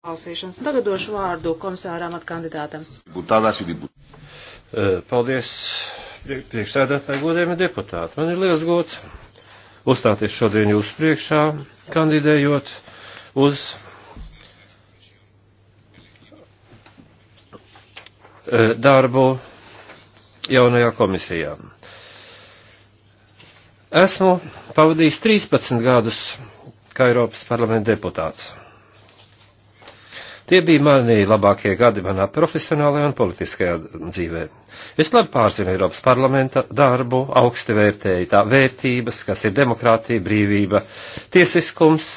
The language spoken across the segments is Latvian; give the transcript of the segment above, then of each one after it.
klausīšanas. Tagad došu vārdu komisāram at kandidātam. E, paldies, priekšsēdētāji, godējumi deputāti. Man ir liels gods uzstāties šodien jūsu priekšā, kandidējot uz e, darbu jaunajā komisijā. Esmu pavadījis 13 gadus kā Eiropas parlamenta deputāts. Tie bija mani labākie gadi manā profesionālajā un politiskajā dzīvē. Es labi pārzinu Eiropas parlamenta darbu, augsti vērtēju tā vērtības, kas ir demokrātija, brīvība, tiesiskums,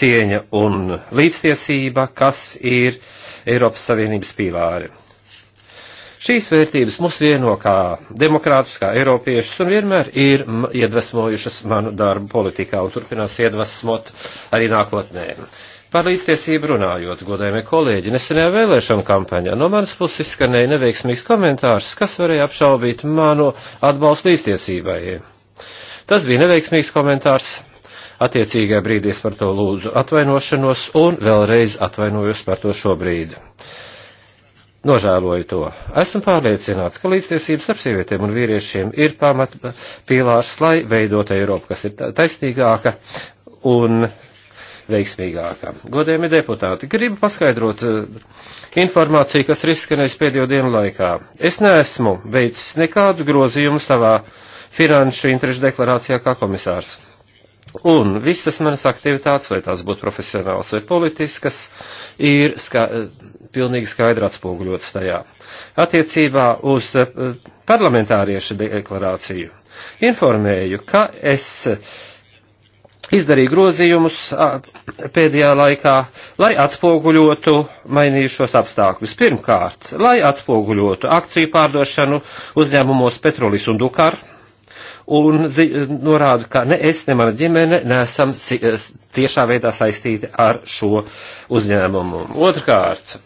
cieņa un līdztiesība, kas ir Eiropas Savienības pīlāri. Šīs vērtības mūs vieno kā demokrātus, kā eiropiešus un vienmēr ir iedvesmojušas manu darbu politikā un turpinās iedvesmot arī nākotnē. Par līdztiesību runājot, godējumie kolēģi, nesenajā vēlēšana kampaņā no manas puses izskanēja neveiksmīgs komentārs, kas varēja apšaubīt manu atbalstu līdztiesībai. Tas bija neveiksmīgs komentārs, attiecīgajā brīdī es par to lūdzu atvainošanos un vēlreiz atvainojos par to šobrīd. Nožēloju to. Esmu pārliecināts, ka līdztiesības starp sievietēm un vīriešiem ir pamatpīlārs, lai veidot Eiropu, kas ir taisnīgāka un veiksmīgākā. Godējumi deputāti, gribu paskaidrot eh, informāciju, kas ir izskanējusi pēdējo dienu laikā. Es neesmu veicis nekādu grozījumu savā finanšu interešu deklarācijā kā komisārs. Un visas manas aktivitātes, vai tās būtu profesionālas vai politiskas, ir ska eh, pilnīgi skaidri atspoguļotas tajā. Attiecībā uz eh, parlamentāriešu deklarāciju informēju, ka es uh, izdarīju grozījumus pēdējā laikā, lai atspoguļotu mainījušos apstākļus. Pirmkārt, lai atspoguļotu akciju pārdošanu uzņēmumos Petrolis un Dukar, un zi, norādu, ka ne es, ne mana ģimene nesam si, e, tiešā veidā saistīti ar šo uzņēmumu. Otrkārt,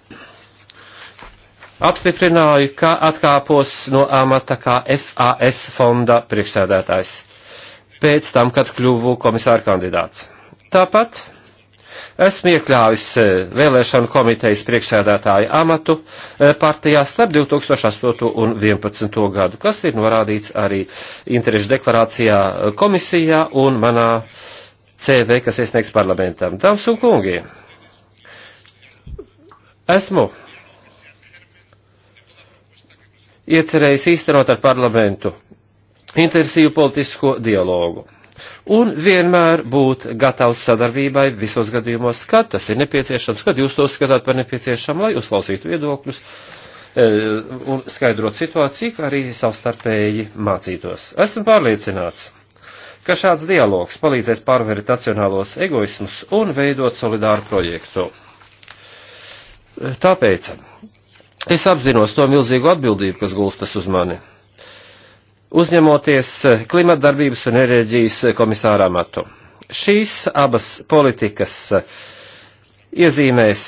apstiprināju, ka atkāpos no amata kā FAS fonda priekšsēdētājs pēc tam, kad kļuvu komisāra kandidāts. Tāpat esmu iekļāvis eh, vēlēšanu komitejas priekšsēdētāja amatu eh, partijā starp 2008 un 2011 gadu, kas ir norādīts arī interešu deklarācijā eh, komisijā un manā CV, kas iesniegs parlamentam. Dāmas un kungi, esmu iecerējis īstenot ar parlamentu intensīvu politisko dialogu. Un vienmēr būt gatavs sadarbībai visos gadījumos, kad tas ir nepieciešams, kad jūs to skatāt par nepieciešamu, lai uzklausītu viedokļus e, un skaidrot situāciju, kā arī savstarpēji mācītos. Esmu pārliecināts, ka šāds dialogs palīdzēs pārvarēt nacionālos egoismus un veidot solidāru projektu. Tāpēc es apzinos to milzīgo atbildību, kas gulstas uz mani uzņemoties eh, klimatdarbības un enerģijas eh, komisārā matu. Šīs abas politikas eh, iezīmēs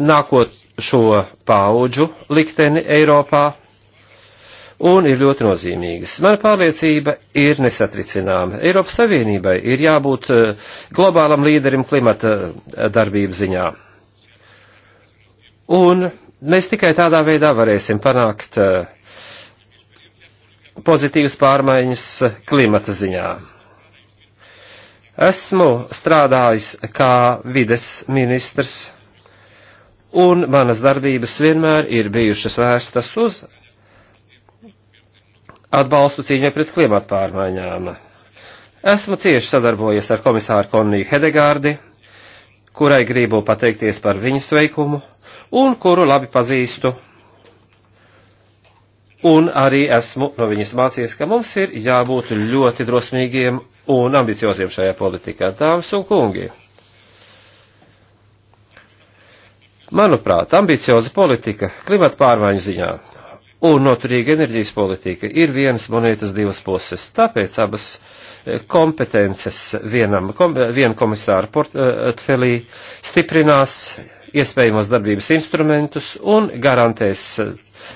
nākošo pauģu likteni Eiropā un ir ļoti nozīmīgas. Mana pārliecība ir nesatricināma. Eiropas Savienībai ir jābūt globālam līderim klimata darbību ziņā. Un mēs tikai tādā veidā varēsim panākt uh, pozitīvas pārmaiņas klimata ziņā. Esmu strādājis kā vides ministrs, un manas darbības vienmēr ir bijušas vērstas uz atbalstu cīņai pret klimata pārmaiņām. Esmu cieši sadarbojies ar komisāru Konniju Hedegārdi, kurai gribu pateikties par viņas veikumu un kuru labi pazīstu Un arī esmu no viņas mācījies, ka mums ir jābūt ļoti drosmīgiem un ambicioziem šajā politikā, dāmas un kungi. Manuprāt, ambicioza politika klimata pārmaiņu ziņā un noturīga enerģijas politika ir vienas monētas divas puses, tāpēc abas eh, kompetences vienam, kom, vienu komisāru portfelī eh, stiprinās iespējamos darbības instrumentus un garantēs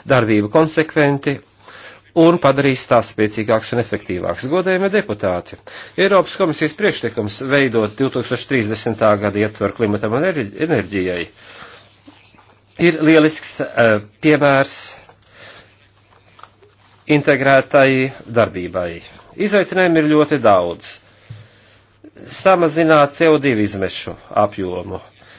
darbību konsekventi un padarīs tās spēcīgākas un efektīvākas. Godējumie deputāti, Eiropas komisijas priekšlikums veidot 2030. gada ietveru klimatam un enerģijai ir lielisks uh, piemērs integrētai darbībai. Izaicinājumi ir ļoti daudz. Samazināt CO2 izmešu apjomu,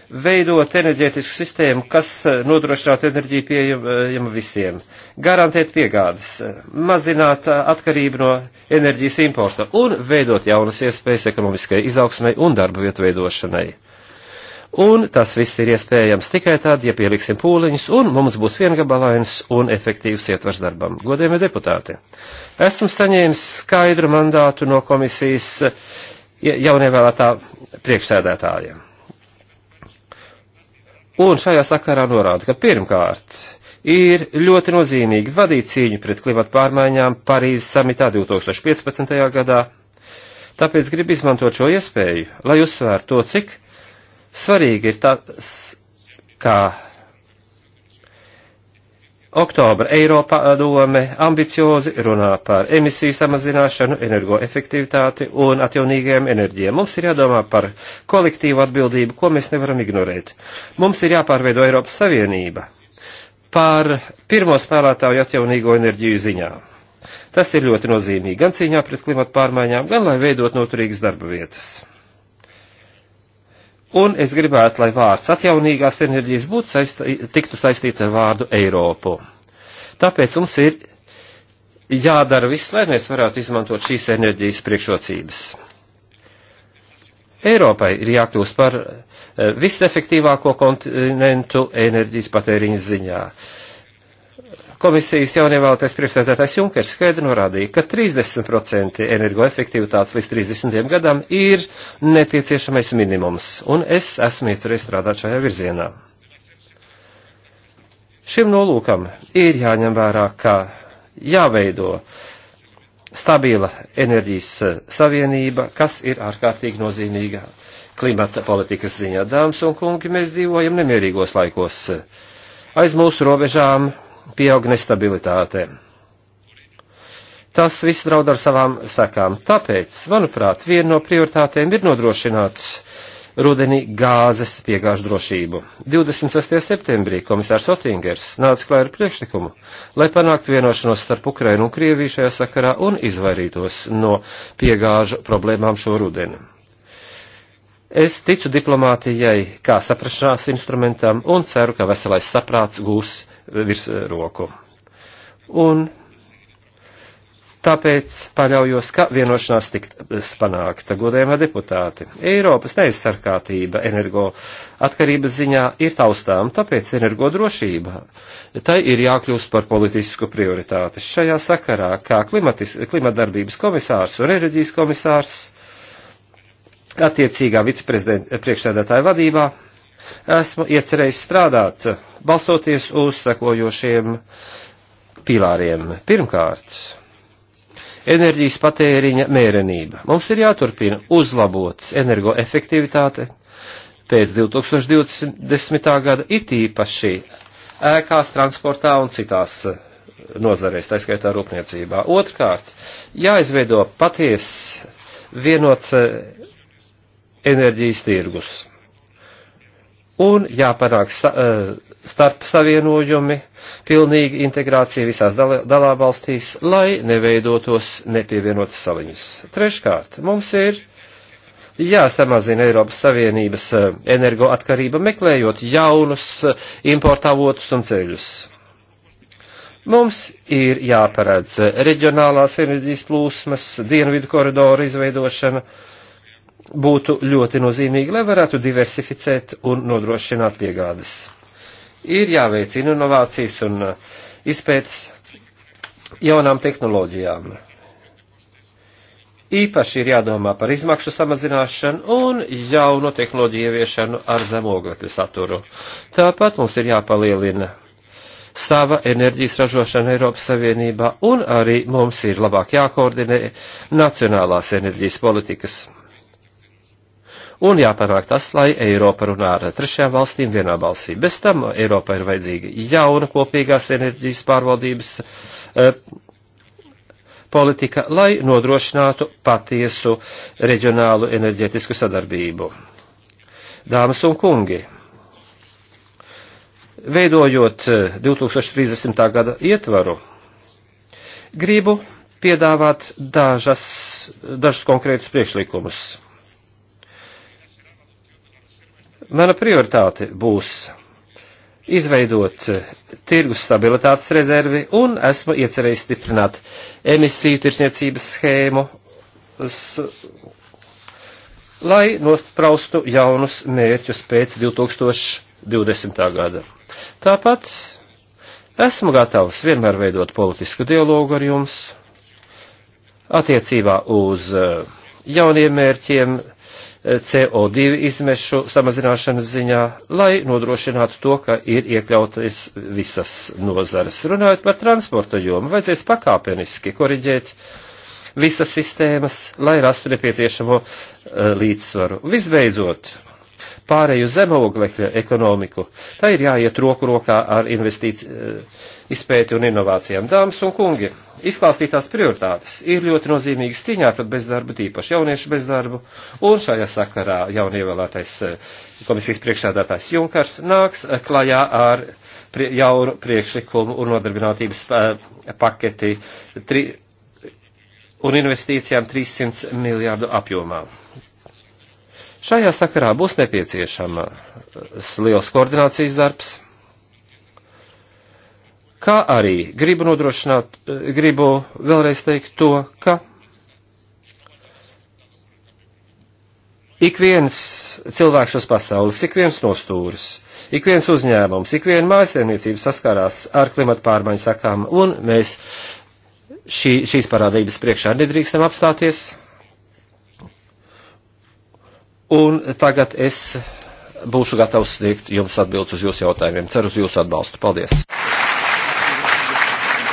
veidot enerģētisku sistēmu, kas eh, nodrošinātu enerģiju pieejamu visiem, garantēt piegādes, mazināt eh, atkarību no enerģijas importa un veidot jaunas iespējas ekonomiskai izaugsmai un darba vietu veidošanai. Un tas viss ir iespējams tikai tad, ja pieliksim pūliņus, un mums būs viengabalains un efektīvs ietvers darbam. Godējumie deputāti, esmu saņēmis skaidru mandātu no komisijas eh, jaunievēlētā priekšsēdētājiem. Un šajā sakarā norāda, ka pirmkārt ir ļoti nozīmīgi vadīt cīņu pret klimatu pārmaiņām Parīzes samitā 2015. gadā. Tāpēc gribu izmantot šo iespēju, lai uzsvērtu to, cik svarīgi ir tas, kā Oktobra Eiropā dome ambiciozi runā par emisiju samazināšanu, energoefektivitāti un atjaunīgajiem enerģijiem. Mums ir jādomā par kolektīvu atbildību, ko mēs nevaram ignorēt. Mums ir jāpārveido Eiropas Savienība par pirmo spēlētāju atjaunīgo enerģiju ziņā. Tas ir ļoti nozīmīgi gan cīņā pret klimatu pārmaiņām, gan lai veidot noturīgas darba vietas. Un es gribētu, lai vārds atjaunīgās enerģijas būtu saistī, tiktu saistīts ar vārdu Eiropu. Tāpēc mums ir jādara viss, lai mēs varētu izmantot šīs enerģijas priekšrocības. Eiropai ir jākļūst par eh, visefektīvāko kontinentu enerģijas patēriņas ziņā. Uh, Komisijas jaunievēlētais priekšstādātājs Junkers skaidri norādīja, ka 30% energoefektivitātes līdz 30. gadam ir nepieciešamais minimums, un es esmu ieturies strādāt šajā virzienā. Šim nolūkam ir jāņem vērā, ka jāveido stabila enerģijas savienība, kas ir ārkārtīgi nozīmīga klimata politikas ziņā. Dāmas un kungi, mēs dzīvojam nemierīgos laikos. Aiz mūsu robežām pieaug nestabilitāte. Tas viss draud ar savām sekām. Tāpēc, manuprāt, viena no prioritātēm ir nodrošināt rudenī gāzes piegāžu drošību. 26. septembrī komisārs Otingers nāca klāja ar priekšlikumu, lai panāktu vienošanos starp Ukrainu un Krieviju šajā sakarā un izvairītos no piegāžu problēmām šo rudeni. Es ticu diplomātijai kā saprašanās instrumentam un ceru, ka veselais saprāts gūs virsroku. Eh, un tāpēc paļaujos, ka vienošanās tiks eh, panākta, godējumā deputāti. Eiropas neizsargātība energo atkarības ziņā ir taustām, tāpēc energo drošība. Tai ir jākļūst par politisku prioritāti. Šajā sakarā, kā klimatis, klimatdarbības komisārs un enerģijas komisārs, attiecīgā vicepriekšsēdētāja vadībā, esmu iecerējis strādāt, balstoties uz sekojošiem pilāriem. Pirmkārt, enerģijas patēriņa mērenība. Mums ir jāturpina uzlabot energoefektivitāte pēc 2020. gada it īpaši ēkās, transportā un citās nozarēs, tā skaitā rūpniecībā. Otrkārt, jāizveido paties vienots eh, enerģijas tirgus un jāpanāk sa, e, starp savienojumi, pilnīga integrācija visās dal, dalībvalstīs, lai neveidotos nepievienotas saliņas. Treškārt, mums ir jāsamazina Eiropas Savienības e, energoatkarība, meklējot jaunus e, importavotus un ceļus. Mums ir jāparedz reģionālās enerģijas plūsmas, dienvidu koridoru izveidošana, uh, būtu ļoti nozīmīgi, lai varētu diversificēt un nodrošināt piegādes. Ir jāveic inovācijas un uh, izpētes jaunām tehnoloģijām. Īpaši ir jādomā par izmaksu samazināšanu un jauno tehnoloģiju ieviešanu ar zemogļu saturu. Tāpat mums ir jāpalielina sava enerģijas ražošana Eiropas Savienībā, un arī mums ir labāk jākoordinē nacionālās enerģijas politikas un jāpanāk tas, lai Eiropa runā ar trešajām valstīm vienā balsī. Bez tam Eiropa ir vajadzīga jauna kopīgās enerģijas pārvaldības eh, politika, lai nodrošinātu patiesu reģionālu enerģētisku sadarbību. Dāmas un kungi! veidojot 2030. E, gada ietvaru, gribu piedāvāt dažas, dažus konkrētus priekšlikumus. Mana prioritāte būs izveidot tirgus stabilitātes rezervi un esmu iecerējis stiprināt emisiju tirsniecības schēmu, lai nospraustu jaunus mērķus pēc 2020. gada. Tāpat esmu gatavs vienmēr veidot politisku dialogu ar jums attiecībā uz eh, jauniem mērķiem, CO2 izmešu samazināšanas ziņā, lai nodrošinātu to, ka ir iekļautas visas nozares. Runājot par transporta jomu, vajadzēs pakāpeniski koriģēt visas sistēmas, lai rastu nepieciešamo eh, līdzsvaru. Visbeidzot, pārēju zemoglekļa ekonomiku, tā ir jāiet roku rokā ar investīciju eh, izpēti un inovācijām. Dāmas un kungi, izklāstītās prioritātes ir ļoti nozīmīgas cīņā pret bezdarbu, tīpaši jauniešu bezdarbu, un šajā sakarā jaunievēlētais eh, komisijas priekšsādātājs Junkars nāks eh, klajā ar prie, jaunu priekšlikumu un nodarbinātības paketi tri, un investīcijām 300 miljārdu apjomā. Šajā sakarā būs nepieciešams liels koordinācijas darbs, kā arī gribu nodrošināt, e, gribu vēlreiz teikt to, ka ik viens cilvēks uz pasaules, ik viens nostūris, ik viens uzņēmums, ik viena mājasēmniecība saskārās ar klimatu pārmaiņu sakām, un mēs šī, šīs parādības priekšā nedrīkstam apstāties. Un tagad es būšu gatavs sniegt jums atbildes uz jūsu jautājumiem. Ceru uz jūsu atbalstu. Paldies!